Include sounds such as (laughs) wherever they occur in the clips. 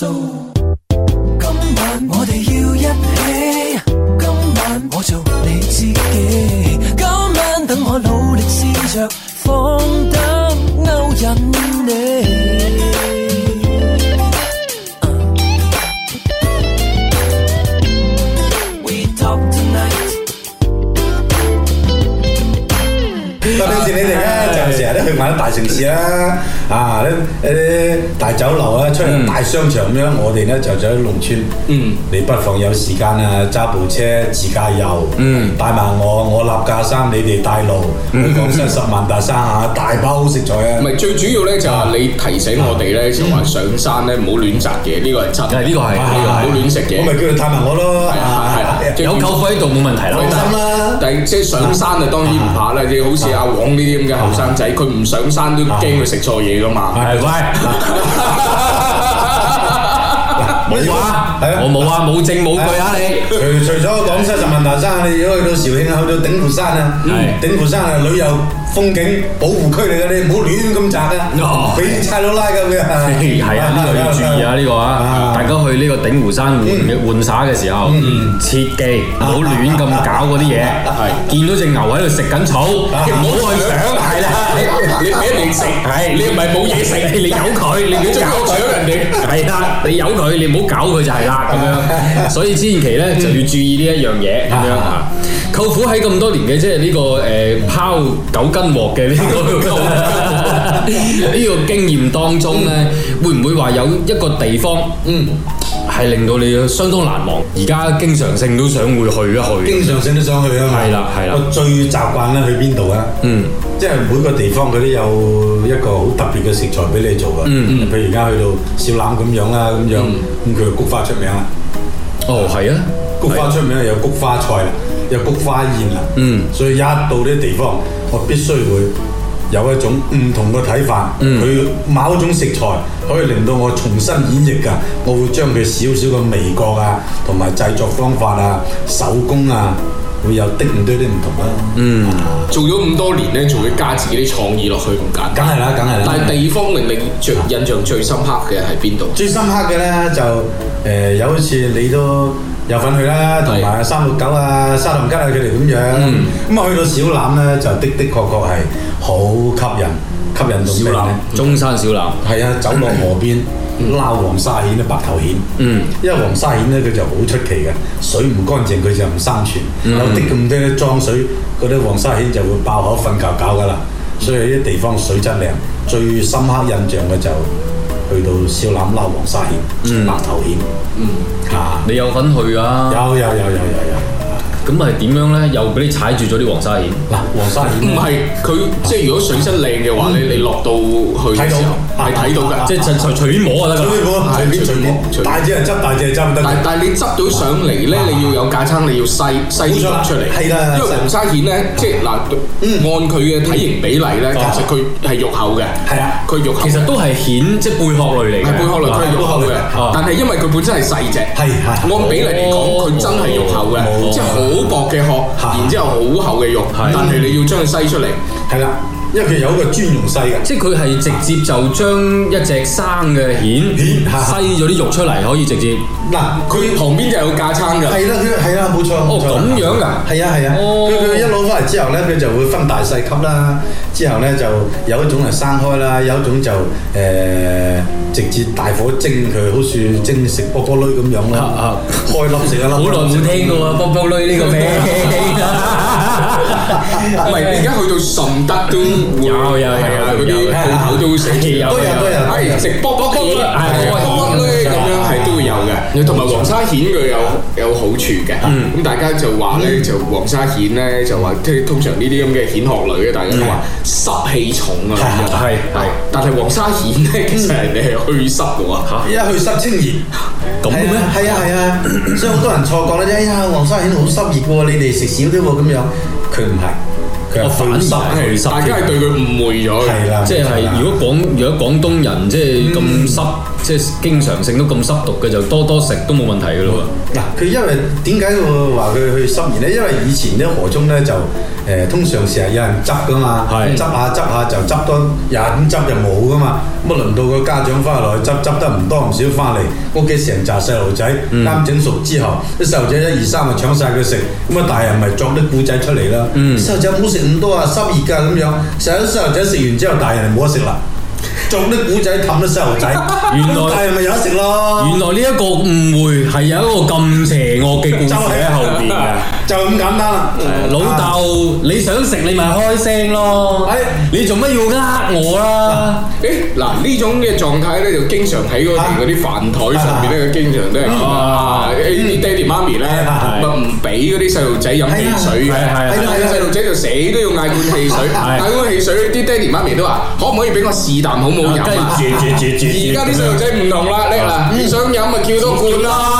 今晚我哋要一起，今晚我做你知己，今晚等我努力試着。去埋啲大城市啊！啊啲啲大酒樓啊，出嚟大商場咁樣，嗯、我哋咧就喺農村。嗯，你不妨有時間啊？揸部車自駕遊，嗯，帶埋我，我立架山，你哋帶路。嗯，真十萬大山啊，大把好食材啊！咪、嗯、最主要咧就係你提醒我哋咧，就話上山咧唔好亂摘嘢。呢、呢個係、啊、摘嘅，呢個係唔好亂食嘢。我咪叫佢帶埋我咯，係啊係啦，有舅父喺度冇問題啦。放心啦。但係即係上山就當然唔怕啦，你好似阿黃呢啲咁嘅後生仔，佢唔上山都驚佢食錯嘢㗎嘛。係、 (laughs) 啊，唔係？冇話，冇話 (laughs) 啊。我冇啊，冇證冇據啊你。除除咗廣西十萬大山，你如果去到肇慶去到鼎湖山啊，鼎湖、嗯、山啊旅遊。風景保護區嚟嘅，你唔好亂咁摘啊！俾啲差佬拉嘅，係啊，呢個要注意啊，呢個啊，大家去呢個鼎湖山玩嘅玩耍嘅時候，切記唔好亂咁搞嗰啲嘢。見到隻牛喺度食緊草，唔好去想。係啦，你俾啲嘢食。係，你唔係冇嘢食，你有佢，你唔好搶人哋。係啦，你有佢，你唔好搞佢就係啦。咁樣，所以千祈咧就要注意呢一樣嘢咁樣啊。舅父喺咁多年嘅即係呢個誒、呃、拋九斤鑊嘅呢個呢 (laughs) 個經驗當中呢會唔會話有一個地方嗯係令到你相當難忘？而家經常性都想會去一去，經常性都想去啊！係啦樣，係啦但。我最習慣去邊度啊？嗯，即係每個地方佢都有一個好特別嘅食材俾你做嘅、嗯。嗯嗯。譬如而家去到小欖咁樣啊，咁、嗯、樣咁佢嘅菊花出名啊。哦，係啊。菊花出名啊，有菊花菜啦，有菊花宴啦。嗯，所以一到啲地方，我必須會有一種唔同嘅睇法。嗯，佢某種食材可以令到我重新演繹㗎，我會將佢少少嘅味覺啊，同埋製作方法啊，手工啊。會有的唔多啲唔同啦，嗯，做咗咁多年咧，仲會加自己啲創意落去咁解，梗係啦，梗係啦。但係地方令你印象最深刻嘅係邊度？最深刻嘅呢，就、呃、有一次你都有份去啦，同埋三六九啊、沙林吉啊佢哋咁樣，咁、嗯、去到小欖呢，就的的確確係好吸引。吸引仲要南，中山小欖，係啊、嗯，走落河邊撈黃沙蜆白頭蜆，嗯，因為黃沙蜆咧，佢就好出奇嘅，水唔乾淨佢就唔生存，嗯、有啲咁多裝水，嗰啲黃沙蜆就會爆口瞓覺搞噶啦，所以呢啲地方水質靚，最深刻印象嘅就去到小欖撈黃沙蜆、嗯、白頭蜆，嗯，嚇，你有份去啊？有有有有有有。有有有有有有有。咁係點樣咧？又俾你踩住咗啲黃沙蜆嗱，黃沙蜆唔係佢即係如果水質靚嘅話咧，你落到去嘅時候係睇到嘅，即係隨隨便摸就得㗎，隨便摸，隨便隨便，大隻係執，大隻係執得。但係你執到上嚟咧，你要有架撐，你要細細啲執出嚟。係啦，因為黃沙蜆咧，即係嗱，按佢嘅體型比例咧，其實佢係肉厚嘅。係啊，佢肉厚。其實都係蜆，即係貝殼類嚟嘅。貝殼類，佢係肉厚嘅。但係因為佢本身係細隻，係係。按比例嚟講，佢真係肉厚嘅，即係好。好薄嘅殼，啊、然之後好厚嘅肉，啊、但係你要將佢篩出嚟，係啦、啊。因為佢有一個專用細嘅，即係佢係直接就將一隻生嘅蜆，蜆，篩咗啲肉出嚟，可以直接。嗱，佢旁邊就有架撐嘅，係啦，係啦，冇錯，哦，咁樣噶？係啊係啊，佢佢一攞翻嚟之後咧，佢就會分大細級啦。之後咧就有一種係生開啦，有一種就誒直接大火蒸佢，好似蒸食卜卜類咁樣咯。啊啊，開粒食一粒，好耐冇聽過啊卜卜類呢個名。唔係而家去到順德都有有有有嗰啲鋪頭都會食，都有，係食卜卜食波係啊，咁樣係都會有嘅。同埋黃沙蜆佢有有好處嘅。咁大家就話咧，就黃沙蜆咧就話，即係通常呢啲咁嘅蜆殼類咧，大家都話濕氣重啊，係係。但係黃沙蜆咧其實係你係去濕嘅喎，一去濕清熱，咁啊係啊係啊，所以好多人錯覺咧，即係哎呀黃沙蜆好濕熱嘅喎，你哋食少啲喎咁樣。佢唔係，佢反白係濕，大家對對佢誤會咗。係啦，即係如果廣，如果廣東人即係咁濕。嗯即係經常性都咁濕毒嘅，就多多食都冇問題嘅咯喎。嗱、啊，佢因為點解會話佢去濕熱咧？因為以前咧河涌咧就誒、呃、通常成日有人執嘅嘛，是執下執下就執多啲，執完就冇嘅嘛。咁啊輪到個家長翻嚟執，執得唔多唔少翻嚟，屋企成扎細路仔啱整熟之後，啲細路仔一二三就搶曬佢食，咁啊大人咪作啲故仔出嚟啦。細路仔唔好食咁多啊，濕熱㗎咁樣，成堆細路仔食完之後，大人係冇得食啦。做啲古仔氹啲細路仔，原來係咪有得食咯？原來呢一個誤會係有一個咁邪惡嘅故事喺後邊嘅， (laughs) 就咁、是、 (laughs) 簡單啦。老豆，你想食你咪開聲咯。哎，你做乜要呃我啦、啊？哎，嗱，呢種嘅狀態咧，就經常喺嗰啲飯台上邊咧，經常都係咁。啊爹哋媽咪呢，咪唔俾嗰啲細路仔飲汽水嘅，係啊的！細路仔就死都要嗌罐汽水，嗌罐的汽水，啲的爹哋媽咪都話的：可唔可以俾我試啖好冇飲 (laughs) 啊？而家啲細路仔唔同啦，你嗱，唔想飲咪叫多罐啦。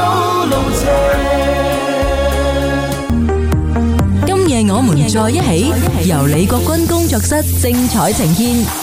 我們在一起，一起由李國君工作室精彩呈現。